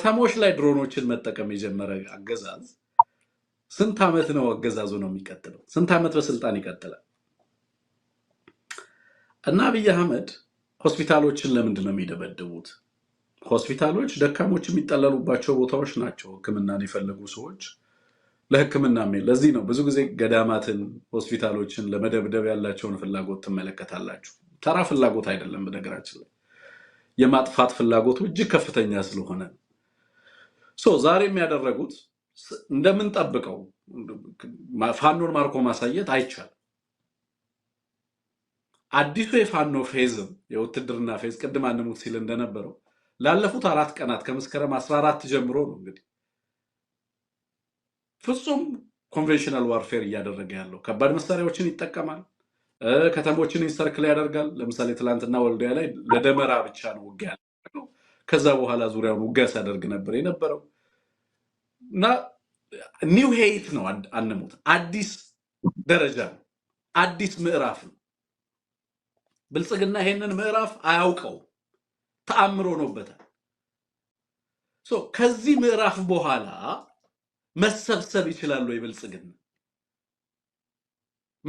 ከተሞች ላይ ድሮኖችን መጠቀም የጀመረ አገዛዝ ስንት ዓመት ነው አገዛዙ ነው የሚቀጥለው? ስንት ዓመት በስልጣን ይቀጥላል? እና አብይ አህመድ ሆስፒታሎችን ለምንድን ነው የሚደበድቡት? ሆስፒታሎች ደካሞች የሚጠለሉባቸው ቦታዎች ናቸው። ሕክምናን የፈለጉ ሰዎች ለሕክምና የሚል ለዚህ ነው ብዙ ጊዜ ገዳማትን፣ ሆስፒታሎችን ለመደብደብ ያላቸውን ፍላጎት ትመለከታላችሁ። ተራ ፍላጎት አይደለም፣ በነገራችን ላይ የማጥፋት ፍላጎቱ እጅግ ከፍተኛ ስለሆነ ሶ ዛሬ የሚያደረጉት እንደምንጠብቀው ፋኖን ማርኮ ማሳየት አይቻልም። አዲሱ የፋኖ ፌዝም የውትድርና ፌዝ ቅድም አንሙት ሲል እንደነበረው ላለፉት አራት ቀናት ከመስከረም 14 ጀምሮ ነው እንግዲህ ፍጹም ኮንቬንሽናል ዋርፌር እያደረገ ያለው ከባድ መሳሪያዎችን ይጠቀማል። ከተሞችን ኢንሰርክል ያደርጋል። ለምሳሌ ትላንትና ወልዲያ ላይ ለደመራ ብቻ ነው ውጊያ ያለው። ከዛ በኋላ ዙሪያውን ውጊያ ሲያደርግ ነበር የነበረው። ኒው ሄይት ነው አንሞት አዲስ ደረጃ ነው፣ አዲስ ምዕራፍ ነው። ብልጽግና ይሄንን ምዕራፍ አያውቀው ተአምሮ ነውበታል። ከዚህ ምዕራፍ በኋላ መሰብሰብ ይችላሉ። የብልጽግና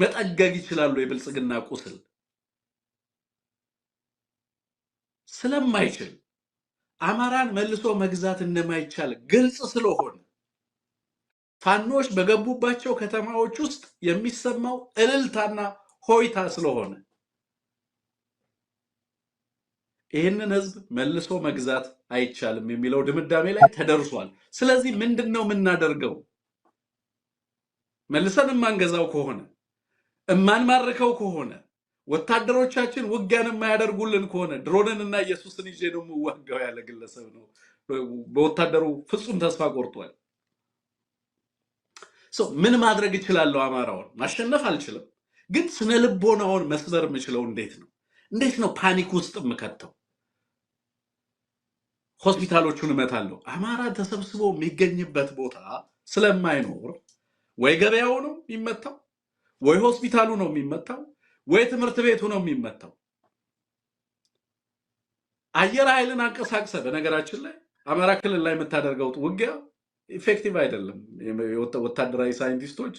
መጠገግ ይችላሉ። የብልጽግና ቁስል ስለማይችል አማራን መልሶ መግዛት እንደማይቻል ግልጽ ስለሆነ ፋኖች በገቡባቸው ከተማዎች ውስጥ የሚሰማው እልልታና ሆይታ ስለሆነ ይህንን ህዝብ መልሶ መግዛት አይቻልም የሚለው ድምዳሜ ላይ ተደርሷል። ስለዚህ ምንድን ነው የምናደርገው? መልሰን እማንገዛው ከሆነ እማንማርከው ከሆነ ወታደሮቻችን ውጊያን የማያደርጉልን ከሆነ እና ኢየሱስን ይዤ ነው የምዋጋው ያለ ግለሰብ ነው። በወታደሩ ፍጹም ተስፋ ቆርጧል። ምን ማድረግ እችላለሁ? አማራውን ማሸነፍ አልችልም፣ ግን ስነ ልቦናውን መስበር የምችለው እንዴት ነው? እንዴት ነው ፓኒክ ውስጥ የምከተው? ሆስፒታሎቹን እመታለሁ። አማራ ተሰብስቦ የሚገኝበት ቦታ ስለማይኖር ወይ ገበያው ነው የሚመታው፣ ወይ ሆስፒታሉ ነው የሚመታው፣ ወይ ትምህርት ቤቱ ነው የሚመታው። አየር ኃይልን አንቀሳቅሰ በነገራችን ላይ አማራ ክልል ላይ የምታደርገው ውጊያ ኢፌክቲቭ አይደለም። ወታደራዊ ሳይንቲስቶች፣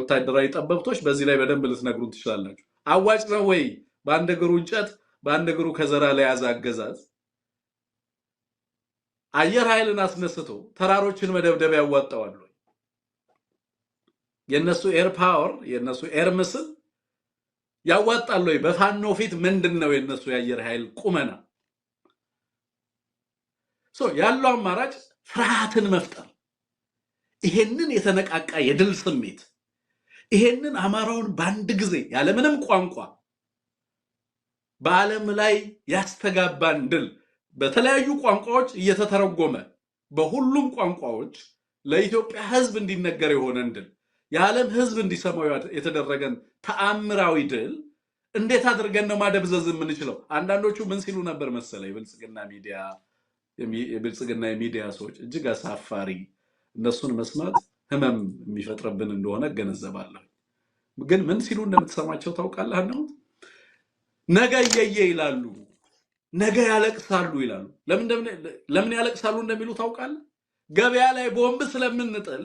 ወታደራዊ ጠበብቶች በዚህ ላይ በደንብ ልትነግሩን ትችላላችሁ። አዋጭ ነው ወይ በአንድ እግሩ እንጨት በአንድ እግሩ ከዘራ ላይ ያዘ አገዛዝ አየር ኃይልን አስነስቶ ተራሮችን መደብደብ ያዋጣዋል ወይ? ኤር ፓወር የነሱ ኤር ምስል ያዋጣል ወይ? በፋኖ ፊት ምንድን ነው የእነሱ የአየር ኃይል ቁመና? ያለው አማራጭ ፍርሃትን መፍጠር ይሄንን የተነቃቃ የድል ስሜት ይሄንን አማራውን በአንድ ጊዜ ያለምንም ቋንቋ በዓለም ላይ ያስተጋባን ድል በተለያዩ ቋንቋዎች እየተተረጎመ በሁሉም ቋንቋዎች ለኢትዮጵያ ሕዝብ እንዲነገር የሆነን ድል የዓለም ሕዝብ እንዲሰማው የተደረገን ተአምራዊ ድል እንዴት አድርገን ነው ማደብዘዝ የምንችለው? አንዳንዶቹ ምን ሲሉ ነበር መሰለ የብልጽግና ሚዲያ የብልጽግና የሚዲያ ሰዎች እጅግ አሳፋሪ እነሱን መስማት ህመም የሚፈጥርብን እንደሆነ እገነዘባለሁ። ግን ምን ሲሉ እንደምትሰማቸው ታውቃለህ? ነው ነገ እየየ ይላሉ፣ ነገ ያለቅሳሉ ይላሉ። ለምን ያለቅሳሉ እንደሚሉ ታውቃለህ? ገበያ ላይ ቦምብ ስለምንጥል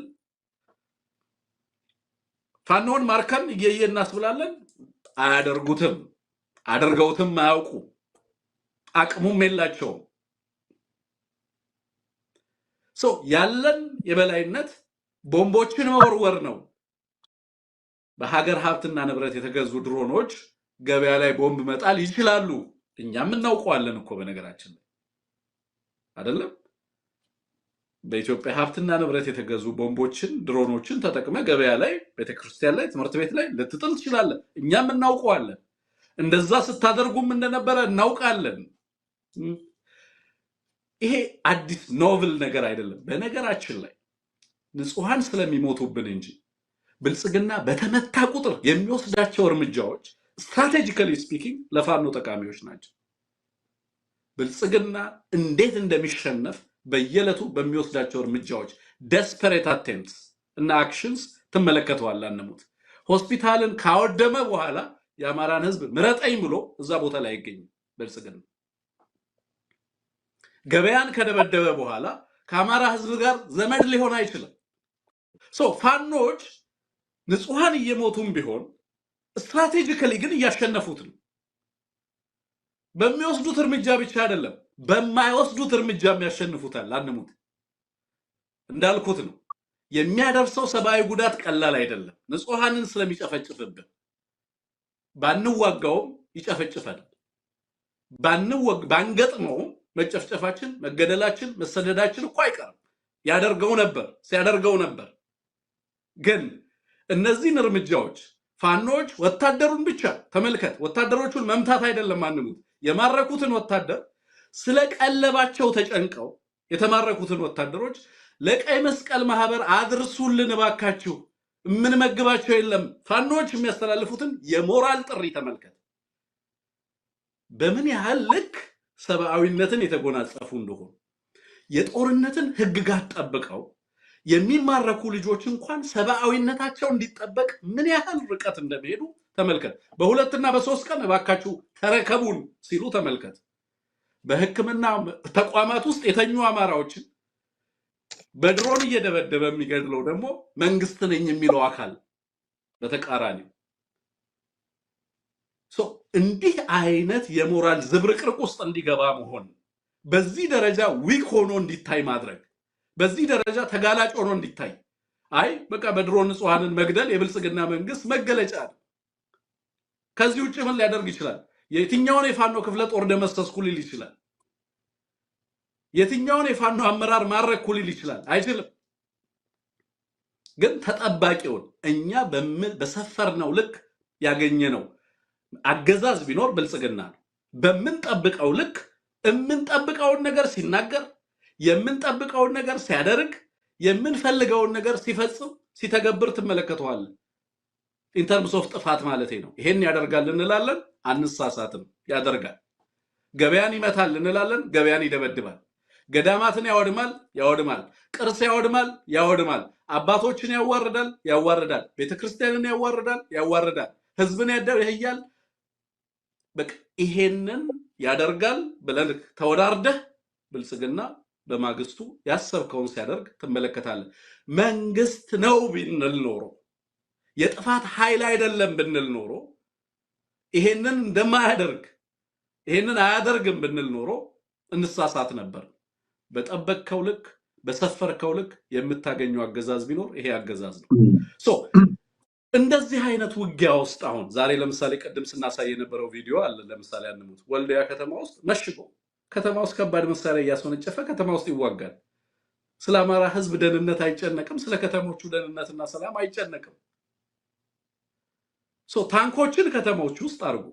ፋኖን ማርከን እየየ እናስብላለን። አያደርጉትም፣ አድርገውትም አያውቁ፣ አቅሙም የላቸውም። ያለን የበላይነት ቦምቦችን መወርወር ነው። በሀገር ሀብትና ንብረት የተገዙ ድሮኖች ገበያ ላይ ቦምብ መጣል ይችላሉ። እኛም እናውቀዋለን እኮ በነገራችን ላይ አይደለም። በኢትዮጵያ ሀብትና ንብረት የተገዙ ቦምቦችን፣ ድሮኖችን ተጠቅመ ገበያ ላይ፣ ቤተክርስቲያን ላይ፣ ትምህርት ቤት ላይ ልትጥል ትችላለን። እኛም እናውቀዋለን። እንደዛ ስታደርጉም እንደነበረ እናውቃለን። ይሄ አዲስ ኖቭል ነገር አይደለም። በነገራችን ላይ ንጹሐን ስለሚሞቱብን እንጂ ብልጽግና በተመታ ቁጥር የሚወስዳቸው እርምጃዎች ስትራቴጂካሊ ስፒኪንግ ለፋኖ ጠቃሚዎች ናቸው። ብልጽግና እንዴት እንደሚሸነፍ በየዕለቱ በሚወስዳቸው እርምጃዎች ደስፐሬት አቴምፕትስ እና አክሽንስ ትመለከተዋል። አንሙት ሆስፒታልን ካወደመ በኋላ የአማራን ሕዝብ ምረጠኝ ብሎ እዛ ቦታ ላይ አይገኝም ብልጽግና። ገበያን ከደበደበ በኋላ ከአማራ ህዝብ ጋር ዘመድ ሊሆን አይችልም። ፋኖች ንጹሐን እየሞቱም ቢሆን ስትራቴጂካሊ ግን እያሸነፉት ነው። በሚወስዱት እርምጃ ብቻ አይደለም፣ በማይወስዱት እርምጃም ያሸንፉታል። አንሙት እንዳልኩት ነው። የሚያደርሰው ሰብአዊ ጉዳት ቀላል አይደለም። ንጹሐንን ስለሚጨፈጭፍብን ባንዋጋውም ይጨፈጭፈናል፣ ባንገጥመውም መጨፍጨፋችን፣ መገደላችን፣ መሰደዳችን እኮ አይቀርም። ያደርገው ነበር ሲያደርገው ነበር። ግን እነዚህን እርምጃዎች ፋኖች ወታደሩን ብቻ ተመልከት፣ ወታደሮቹን መምታት አይደለም አንሙት፣ የማረኩትን ወታደር ስለቀለባቸው ተጨንቀው የተማረኩትን ወታደሮች ለቀይ መስቀል ማህበር አድርሱልን እባካችሁ፣ የምንመግባቸው የለም። ፋኖች የሚያስተላልፉትን የሞራል ጥሪ ተመልከት በምን ያህል ልክ ሰብአዊነትን የተጎናጸፉ እንደሆኑ የጦርነትን ህግጋት ጠብቀው የሚማረኩ ልጆች እንኳን ሰብአዊነታቸው እንዲጠበቅ ምን ያህል ርቀት እንደሚሄዱ ተመልከት። በሁለትና በሶስት ቀን እባካችሁ ተረከቡን ሲሉ ተመልከት። በህክምና ተቋማት ውስጥ የተኙ አማራዎችን በድሮን እየደበደበ የሚገድለው ደግሞ መንግስት ነኝ የሚለው አካል በተቃራኒው እንዲህ አይነት የሞራል ዝብርቅርቅ ውስጥ እንዲገባ መሆን፣ በዚህ ደረጃ ዊክ ሆኖ እንዲታይ ማድረግ፣ በዚህ ደረጃ ተጋላጭ ሆኖ እንዲታይ አይ በቃ በድሮ ንጹሐንን መግደል የብልጽግና መንግስት መገለጫ ነው። ከዚህ ውጭ ምን ሊያደርግ ይችላል? የትኛውን የፋኖ ክፍለ ጦር ደመሰስኩ ሊል ይችላል። የትኛውን የፋኖ አመራር ማረኩ ሊል ይችላል። አይችልም። ግን ተጠባቂውን እኛ በሰፈርነው ልክ ያገኘ ነው አገዛዝ ቢኖር ብልጽግና ነው። በምንጠብቀው ልክ የምንጠብቀውን ነገር ሲናገር፣ የምንጠብቀውን ነገር ሲያደርግ፣ የምንፈልገውን ነገር ሲፈጽም ሲተገብር ትመለከተዋለን። ኢንተርምስ ኦፍ ጥፋት ማለት ነው። ይሄን ያደርጋል እንላለን፣ አንሳሳትም፣ ያደርጋል። ገበያን ይመታል እንላለን፣ ገበያን ይደበድባል። ገዳማትን ያወድማል፣ ያወድማል። ቅርስ ያወድማል፣ ያወድማል። አባቶችን ያዋርዳል፣ ያዋርዳል። ቤተክርስቲያንን ያዋርዳል፣ ያዋርዳል። ህዝብን ይህያል በቃ ይሄንን ያደርጋል ብለን ተወዳርደህ ብልጽግና በማግስቱ ያሰብከውን ሲያደርግ ትመለከታለህ። መንግስት ነው ብንል ኖሮ የጥፋት ኃይል አይደለም ብንል ኖሮ ይሄንን እንደማያደርግ ይሄንን አያደርግም ብንል ኖሮ እንሳሳት ነበር። በጠበቅከው ልክ በሰፈርከው ልክ የምታገኘው አገዛዝ ቢኖር ይሄ አገዛዝ ነው። እንደዚህ አይነት ውጊያ ውስጥ አሁን ዛሬ ለምሳሌ ቅድም ስናሳይ የነበረው ቪዲዮ አለ። ለምሳሌ አንሙት ወልዲያ ከተማ ውስጥ መሽጎ ከተማ ውስጥ ከባድ መሳሪያ እያስወነጨፈ ከተማ ውስጥ ይዋጋል። ስለ አማራ ህዝብ ደህንነት አይጨነቅም። ስለ ከተሞቹ ደህንነትና ሰላም አይጨነቅም። ታንኮችን ከተሞች ውስጥ አድርጎ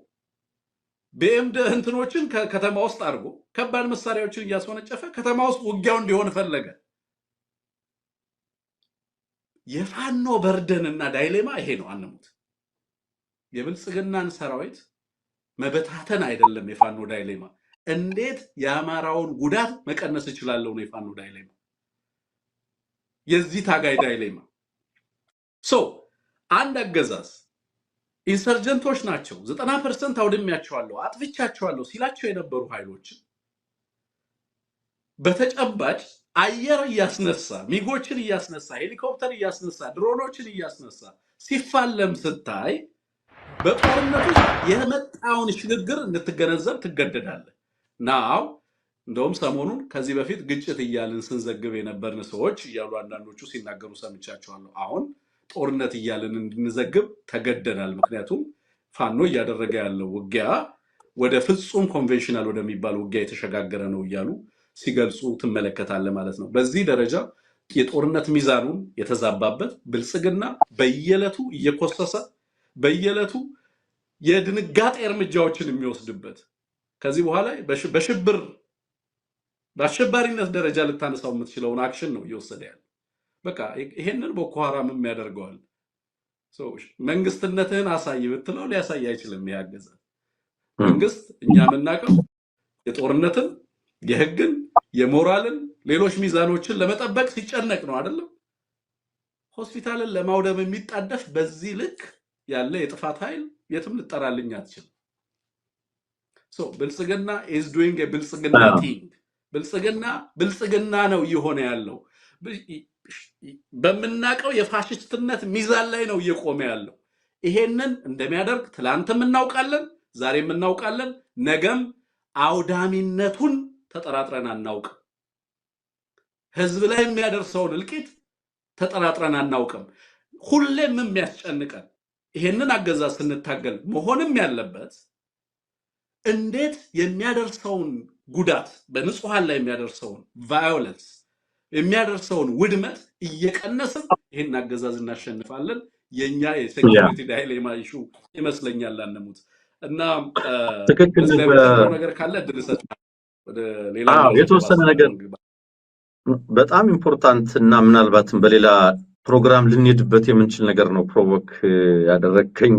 ቢኤም እንትኖችን ከተማ ውስጥ አድርጎ ከባድ መሳሪያዎችን እያስወነጨፈ ከተማ ውስጥ ውጊያው እንዲሆን ፈለገ። የፋኖ በርደንና ዳይሌማ ይሄ ነው። አንሙት። የብልጽግናን ሰራዊት መበታተን አይደለም የፋኖ ዳይሌማ። እንዴት የአማራውን ጉዳት መቀነስ እችላለሁ ነው የፋኖ ዳይሌማ፣ የዚህ ታጋይ ዳይሌማ። ሶ አንድ አገዛዝ ኢንሰርጀንቶች ናቸው ዘጠና ፐርሰንት አውድሜያቸዋለሁ አጥፍቻቸዋለሁ ሲላቸው የነበሩ ኃይሎችን በተጨባጭ አየር እያስነሳ ሚጎችን እያስነሳ ሄሊኮፕተር እያስነሳ ድሮኖችን እያስነሳ ሲፋለም ስታይ በጦርነቱ የመጣውን ሽግግር እንድትገነዘብ ትገደዳለህ። ናው እንደውም ሰሞኑን ከዚህ በፊት ግጭት እያልን ስንዘግብ የነበርን ሰዎች እያሉ አንዳንዶቹ ሲናገሩ ሰምቻቸዋለሁ። አሁን ጦርነት እያልን እንድንዘግብ ተገደናል። ምክንያቱም ፋኖ እያደረገ ያለው ውጊያ ወደ ፍጹም ኮንቬንሽናል ወደሚባል ውጊያ የተሸጋገረ ነው እያሉ ሲገልጹ ትመለከታለ ማለት ነው። በዚህ ደረጃ የጦርነት ሚዛኑን የተዛባበት ብልጽግና በየዕለቱ እየኮሰሰ በየዕለቱ የድንጋጤ እርምጃዎችን የሚወስድበት ከዚህ በኋላ በሽብር በአሸባሪነት ደረጃ ልታነሳው የምትችለውን አክሽን ነው እየወሰደ ያለ። በቃ ይሄንን ቦኮ የሚያደርገዋል ያደርገዋል። መንግስትነትህን አሳይ ብትለው ሊያሳይ አይችልም። ያገዘ መንግስት እኛ የምናውቀው የጦርነትን የህግን የሞራልን ሌሎች ሚዛኖችን ለመጠበቅ ሲጨነቅ ነው አይደለም። ሆስፒታልን ለማውደም የሚጣደፍ በዚህ ልክ ያለ የጥፋት ኃይል የትም ልጠራልኝ አትችልም። ብልጽግና ኢዝ ዱዊንግ የብልጽግና ቲንግ ብልጽግና ብልጽግና ነው እየሆነ ያለው። በምናውቀው የፋሽስትነት ሚዛን ላይ ነው እየቆመ ያለው። ይሄንን እንደሚያደርግ ትላንትም እናውቃለን፣ ዛሬም እናውቃለን፣ ነገም አውዳሚነቱን ተጠራጥረን አናውቅም። ህዝብ ላይ የሚያደርሰውን እልቂት ተጠራጥረን አናውቅም። ሁሌም የሚያስጨንቀን ይሄንን አገዛዝ ስንታገል መሆንም ያለበት እንዴት የሚያደርሰውን ጉዳት በንጹሐን ላይ የሚያደርሰውን ቫዮለንስ የሚያደርሰውን ውድመት እየቀነስን ይህን አገዛዝ እናሸንፋለን። የእኛ የሴኪሪቲ ዳይሌማ ኢሹ ይመስለኛል። አንሙት እና ነገር ካለ ድርሰት የተወሰነ ነገር በጣም ኢምፖርታንት እና ምናልባትም በሌላ ፕሮግራም ልንሄድበት የምንችል ነገር ነው። ፕሮቮክ ያደረግከኝ።